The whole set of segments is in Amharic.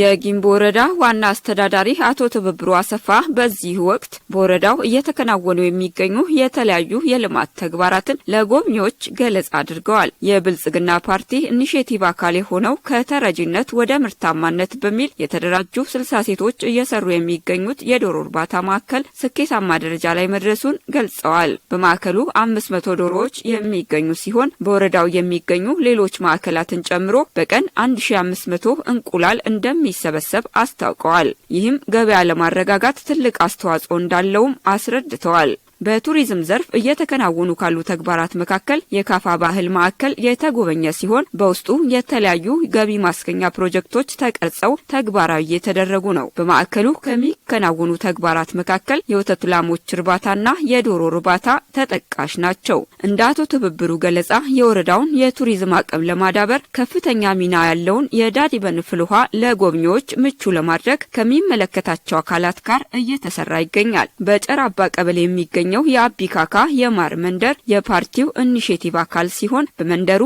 የጊምቦ ወረዳ ዋና አስተዳዳሪ አቶ ትብብሩ አሰፋ በዚህ ወቅት በወረዳው እየተከናወኑ የሚገኙ የተለያዩ የልማት ተግባራትን ለጎብኚዎች ገለጻ አድርገዋል። የብልጽግና ፓርቲ ኢኒሽቲቭ አካል የሆነው ከተረጂነት ወደ ምርታማነት በሚል የተደራጁ ስልሳ ሴቶች እየሰሩ የሚገኙት የዶሮ እርባታ ማዕከል ስኬታማ ደረጃ ላይ መድረሱን ገልጸዋል። በማዕከሉ አምስት መቶ ዶሮዎች የሚገኙ ሲሆን በወረዳው የሚገኙ ሌሎች ማዕከላትን ጨምሮ በቀን አንድ ሺ አምስት መቶ እንቁላል እንደ እንደሚሰበሰብ አስታውቀዋል። ይህም ገበያ ለማረጋጋት ትልቅ አስተዋጽኦ እንዳለውም አስረድተዋል። በቱሪዝም ዘርፍ እየተከናወኑ ካሉ ተግባራት መካከል የካፋ ባህል ማዕከል የተጎበኘ ሲሆን በውስጡ የተለያዩ ገቢ ማስገኛ ፕሮጀክቶች ተቀርጸው ተግባራዊ የተደረጉ ነው። በማዕከሉ ከሚከናወኑ ተግባራት መካከል የወተት ላሞች እርባታና የዶሮ እርባታ ተጠቃሽ ናቸው። እንደ አቶ ትብብሩ ገለጻ የወረዳውን የቱሪዝም አቅም ለማዳበር ከፍተኛ ሚና ያለውን የዳዲበን ፍል ውሃ ለጎብኚዎች ምቹ ለማድረግ ከሚመለከታቸው አካላት ጋር እየተሰራ ይገኛል። በጨራባ ቀበሌ የሚገኘ የሚገኘው የአቢካካ የማር መንደር የፓርቲው ኢኒሼቲቭ አካል ሲሆን በመንደሩ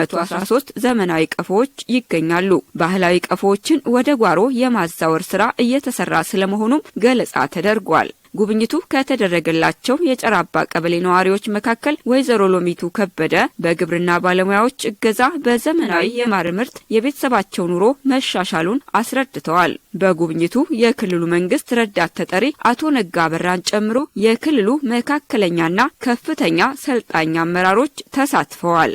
113 ዘመናዊ ቀፎዎች ይገኛሉ። ባህላዊ ቀፎዎችን ወደ ጓሮ የማዛወር ስራ እየተሰራ ስለመሆኑም ገለጻ ተደርጓል። ጉብኝቱ ከተደረገላቸው የጨራባ ቀበሌ ነዋሪዎች መካከል ወይዘሮ ሎሚቱ ከበደ በግብርና ባለሙያዎች እገዛ በዘመናዊ የማር ምርት የቤተሰባቸው ኑሮ መሻሻሉን አስረድተዋል። በጉብኝቱ የክልሉ መንግስት ረዳት ተጠሪ አቶ ነጋ በራን ጨምሮ የክልሉ መካከለኛና ከፍተኛ ሰልጣኝ አመራሮች ተሳትፈዋል።